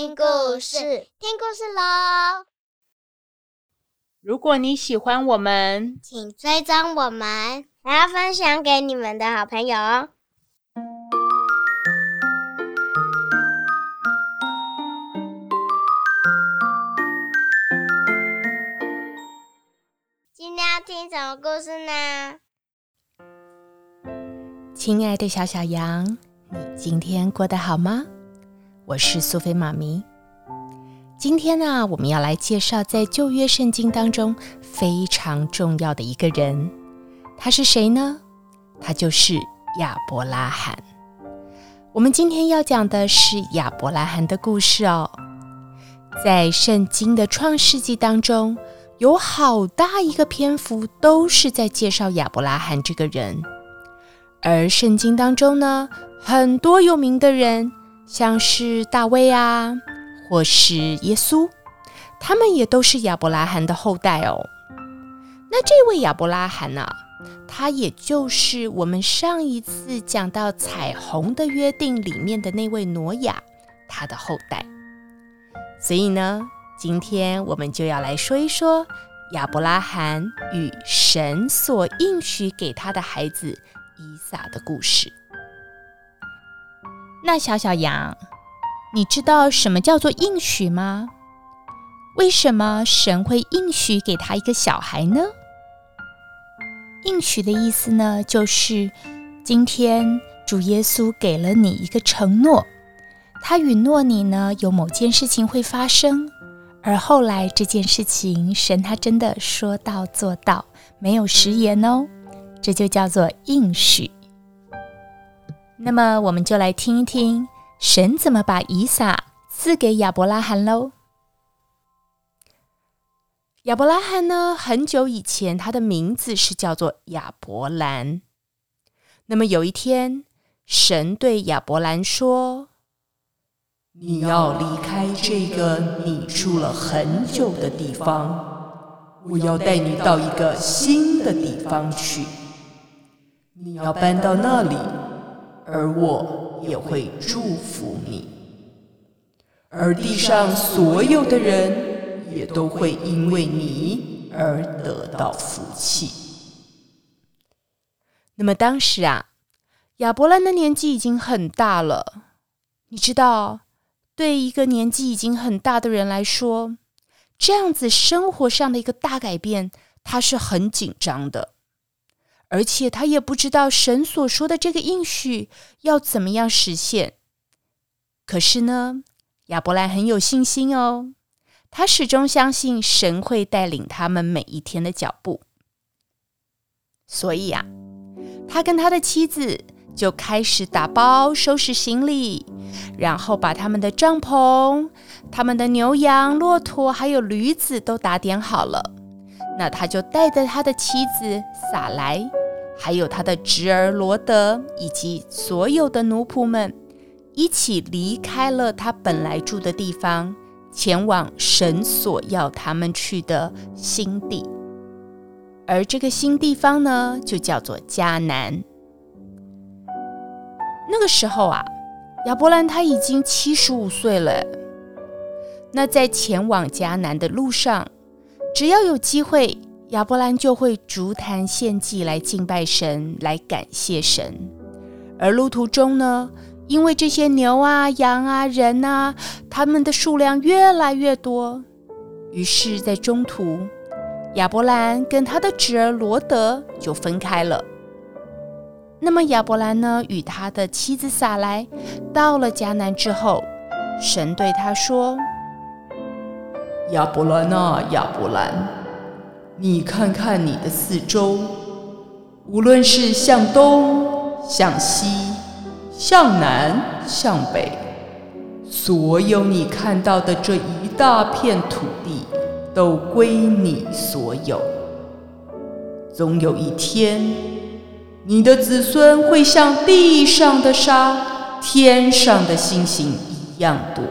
聽故事，聽故事嘍！如果你喜歡我們，請追蹤我們，還要分享給你們的好朋友哦。今天要聽什麼故事呢？親愛的小小羊，你今天過得好嗎？我是蘇菲媽咪。今天呢、啊，我們要來介紹在舊約聖經當中非常重要的一個人，他是誰呢？他就是亞伯拉罕。我們今天要講的是亞伯拉罕的故事哦。在聖經的創世紀當中，有好大一個篇幅都是在介紹亞伯拉罕這個人。而聖經當中呢，很多有名的人。像是大衛啊，或是耶穌，他們也都是亞伯拉罕的後代哦。那這位亞伯拉罕呢、啊，他也就是我們上一次講到彩虹的約定裡面的那位挪亞，他的後代。所以呢，今天我們就要來說一說亞伯拉罕與神所應許給他的孩子以撒的故事。那小小羊，你知道什麼叫做應許嗎？為什麼神會應許給他一個小孩呢？應許的意思呢，就是今天主耶穌給了你一個承諾，他允諾你呢有某件事情會發生，而後來這件事情，神他真的說到做到，沒有食言哦，這就叫做應許。那麼，我們就來聽一聽神怎麼把以撒賜給亞伯拉罕嘍。亞伯拉罕呢，很久以前，他的名字是叫做亞伯蘭。那麼有一天，神對亞伯蘭說：“你要離開這個你住了很久的地方，我要帶你到一個新的地方去。你要搬到那裡。”而我也會祝福你，而地上所有的人也都會因為你而得到福氣。那麼當時啊，亞伯蘭的年紀已經很大了，你知道，對一個年紀已經很大的人來說，這樣子生活上的一個大改變，他是很緊張的。而且他也不知道神所說的這個應許要怎麼樣實現。可是呢，亞伯蘭很有信心哦，他始終相信神會帶領他們每一天的腳步。所以啊，他跟他的妻子就開始打包收拾行李，然後把他們的帳篷、他們的牛羊、駱駝還有驢子都打點好了。那他就帶着他的妻子撒萊，還有他的侄兒羅德以及所有的奴僕們，一起離開了他本來住的地方，前往神所要他們去的新地。而這個新地方呢，就叫做迦南。那個時候啊，亞伯蘭他已經七十五歲了。那在前往迦南的路上，只要有機會，亞伯蘭就會築壇獻祭來敬拜神，來感謝神。而路途中呢，因為這些牛啊、羊啊、人吶、啊，他們的數量越來越多，於是，在中途，亞伯蘭跟他的侄兒羅得，就分開了。那麼，亞伯蘭呢，與他的妻子撒萊到了迦南之後，神對他說。亞伯蘭啊，亞伯蘭，你看看你的四周，無論是向東、向西、向南、向北，所有你看到的這一大片土地，都歸你所有。總有一天，你的子孫會像地上的沙、天上的星星一樣多。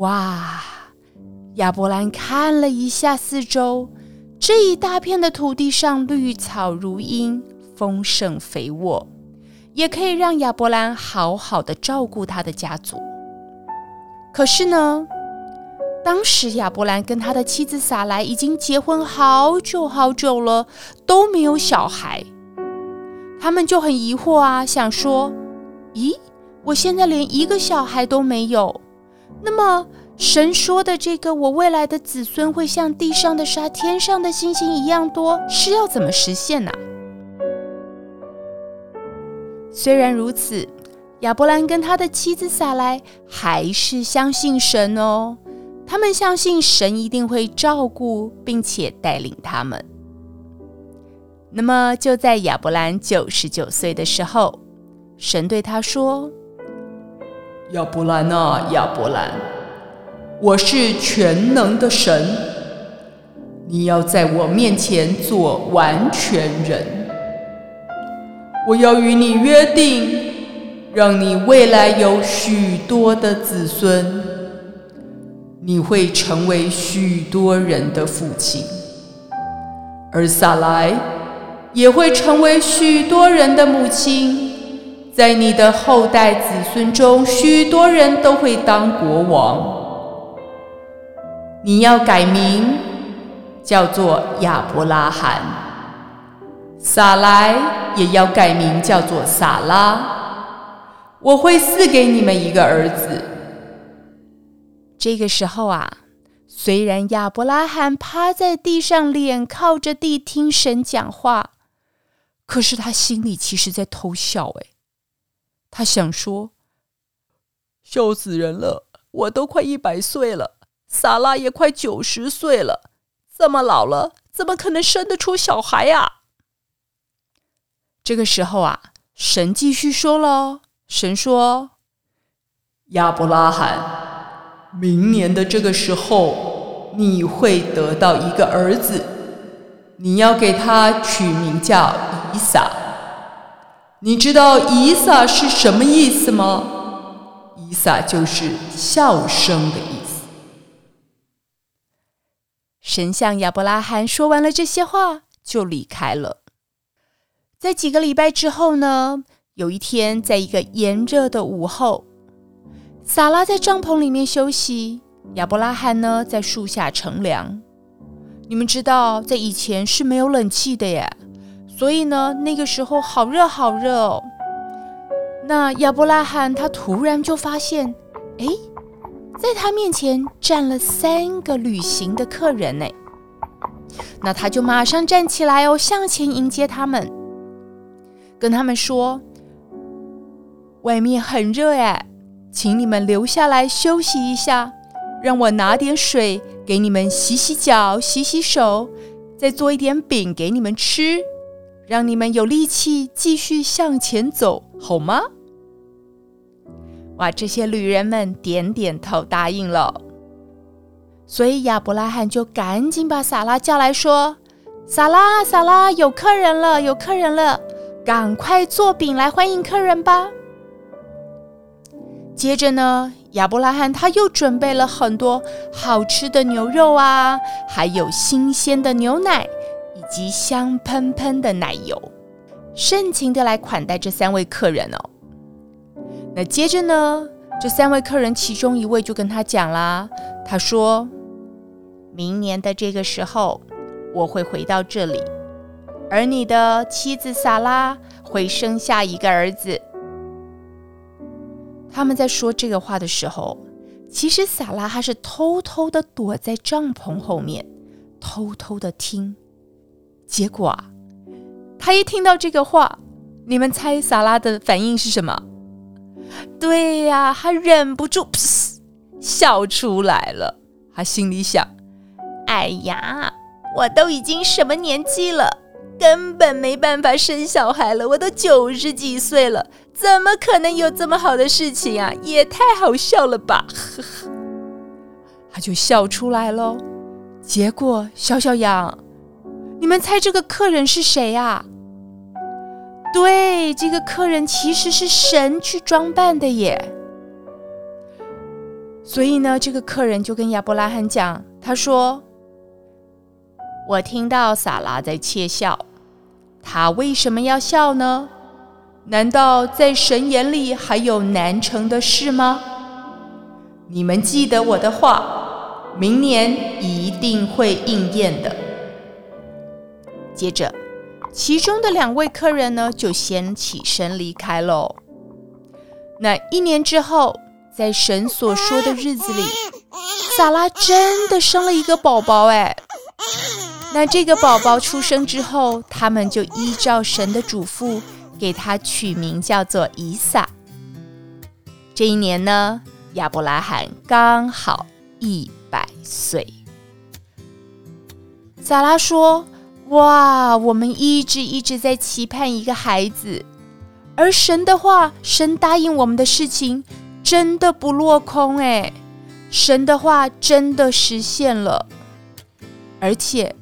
哇！亞伯蘭看了一下四周，這一大片的土地上綠草如茵，豐盛肥沃，也可以讓亞伯蘭好好的照顧他的家族。可是呢，當時亞伯蘭跟他的妻子撒萊已經結婚好久好久了，都沒有小孩。他們就很疑惑啊，想說：“咦，我現在連一個小孩都沒有。”那麼，神說的這個“我未來的子孫會像地上的沙、天上的星星一樣多”，是要怎麼實現呢、啊？雖然如此，亞伯蘭跟他的妻子撒萊還是相信神哦。他們相信神一定會照顧，並且帶領他們。那麼，就在亞伯蘭九十九歲的時候，神對他說。亞伯蘭吶，亞伯蘭，我是全能的神，你要在我面前做完全人。我要與你約定，讓你未來有許多的子孫，你會成為許多人的父親，而撒萊也會成為許多人的母親。在你的後代子孫中，許多人都會當國王。你要改名叫做亞伯拉罕，撒來也要改名叫做撒拉。我會賜給你們一個兒子。這個時候啊，雖然亞伯拉罕趴在地上臉，臉靠着地聽神講話，可是他心裡其實在偷笑誒。他想說：“笑死人了！我都快一百歲了，撒拉也快九十歲了，這麼老了，怎麼可能生得出小孩呀、啊？”這個時候啊，神繼續說了：“神說，亞伯拉罕，明年的這個時候，你會得到一個兒子，你要給他取名叫以撒。”你知道“以撒”是什麼意思嗎？“以撒”就是笑聲的意思。神向亞伯拉罕說完了這些話，就離開了。在幾個禮拜之後呢，有一天，在一個炎熱的午後，撒拉在帳篷裡面休息，亞伯拉罕呢在樹下乘涼。你們知道，在以前是沒有冷氣的耶。所以呢，那個時候好熱好熱哦。那亞伯拉罕他突然就發現，哎，在他面前站了三個旅行的客人呢。那他就馬上站起來哦，向前迎接他們，跟他們說：“外面很熱哎，請你們留下來休息一下，讓我拿點水給你們洗洗腳、洗洗手，再做一點餅給你們吃。”讓你們有力氣繼續向前走，好嗎？哇，這些旅人們點點頭答應了。所以亞伯拉罕就趕緊把撒拉叫來說：“撒拉，撒拉，有客人了，有客人了，趕快做餅來歡迎客人吧。”接着呢，亞伯拉罕他又準備了很多好吃的牛肉啊，還有新鮮的牛奶。及香噴噴的奶油，盛情的來款待這三位客人哦。那接着呢，這三位客人其中一位就跟他講啦，他說：“明年的這個時候，我會回到這裡，而你的妻子薩拉會生下一個兒子。”他們在說這個話的時候，其實薩拉還是偷偷的躲在帳篷後面，偷偷的聽。結果啊，他一聽到這個話，你們猜撒拉的反應是什麼？對呀，他忍不住噗笑出來了。他心裡想：“哎呀，我都已經什麼年紀了，根本沒辦法生小孩了。我都九十幾歲了，怎麼可能有這麼好的事情啊？也太好笑了吧！”呵呵，他就笑出來嘍。結果小小羊。你們猜這個客人是誰呀？對，這個客人其實是神去裝扮的耶。所以呢，這個客人就跟亞伯拉罕講，他說：“我聽到撒拉在竊笑，他為什麼要笑呢？難道在神眼裡還有難成的事嗎？你們記得我的話，明年一定會應驗的。”接着，其中的兩位客人呢，就先起身離開嘍。那一年之後在神所說的日子裡，撒拉真的生了一個寶寶。哎，那這個寶寶出生之後，他們就依照神的囑咐，給他取名叫做以撒。這一年呢，亞伯拉罕剛好一百歲。撒拉說。哇！我們一直一直在期盼一個孩子，而神的話，神答應我們的事情，真的不落空誒，神的話真的實現了，而且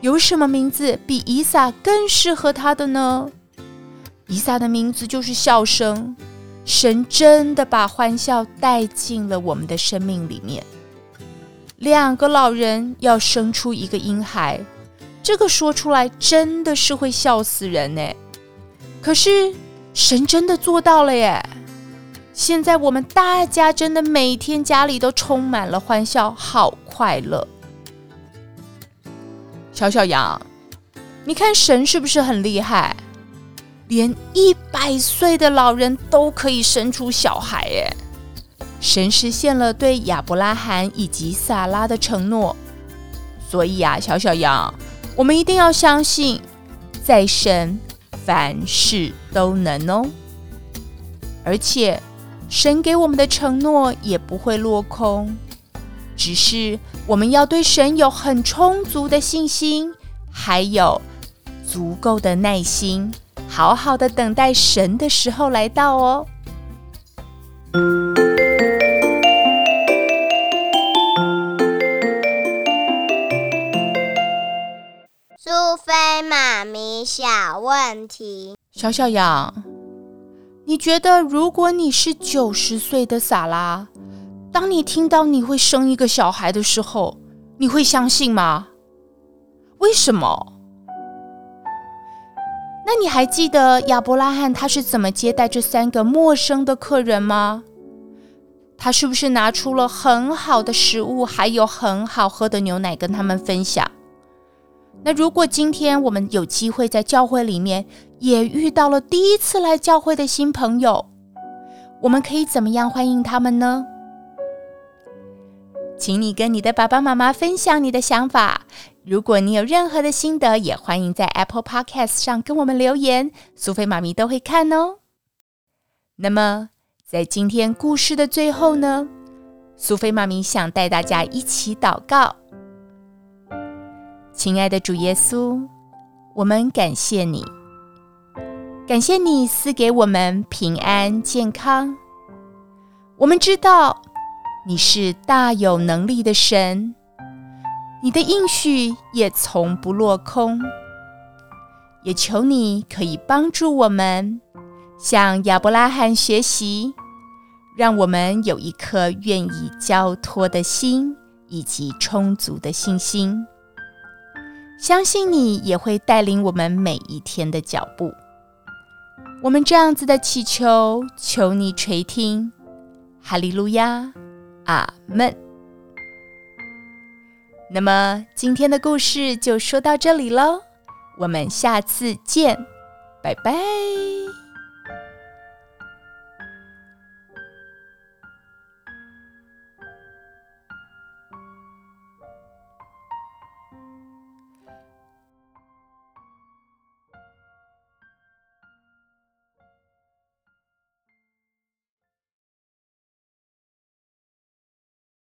有什麼名字比以撒更適合他的呢？以撒的名字就是笑聲，神真的把歡笑帶進了我們的生命裡面。兩個老人要生出一個嬰孩。這個說出來真的是會笑死人誒，可是神真的做到了耶！現在我們大家真的每天家裡都充滿了歡笑，好快樂。小小羊，你看神是不是很厲害？連一百歲的老人都可以生出小孩耶！神實現了對亞伯拉罕以及撒拉的承諾，所以啊，小小羊。我們一定要相信，在神凡事都能哦，而且神給我們的承諾也不會落空。只是我們要對神有很充足的信心，還有足夠的耐心，好好的等待神的時候來到哦。嗯小小羊，你覺得如果你是九十歲的撒拉，當你聽到你會生一個小孩的時候，你會相信嗎？為什麼？那你還記得亞伯拉罕他是怎麼接待這三個陌生的客人嗎？他是不是拿出了很好的食物，還有很好喝的牛奶跟他們分享？那如果今天我們有機會在教會裡面也遇到了第一次來教會的新朋友，我們可以怎麼樣歡迎他們呢？請你跟你的爸爸媽媽分享你的想法。如果你有任何的心得，也歡迎在 Apple Podcast 上跟我們留言，蘇菲媽咪都會看哦。那麼在今天故事的最後呢，蘇菲媽咪想帶大家一起禱告。親愛的主耶穌，我們感謝你，感謝你賜給我們平安健康。我們知道你是大有能力的神，你的應許也從不落空。也求你可以幫助我們，向亞伯拉罕學習，讓我們有一顆願意交托的心，以及充足的信心。相信你也會帶領我們每一天的腳步。我們這樣子的祈求，求你垂聽。哈利路亞，阿門。那麼今天的故事就說到這裡嘍，我們下次見，拜拜。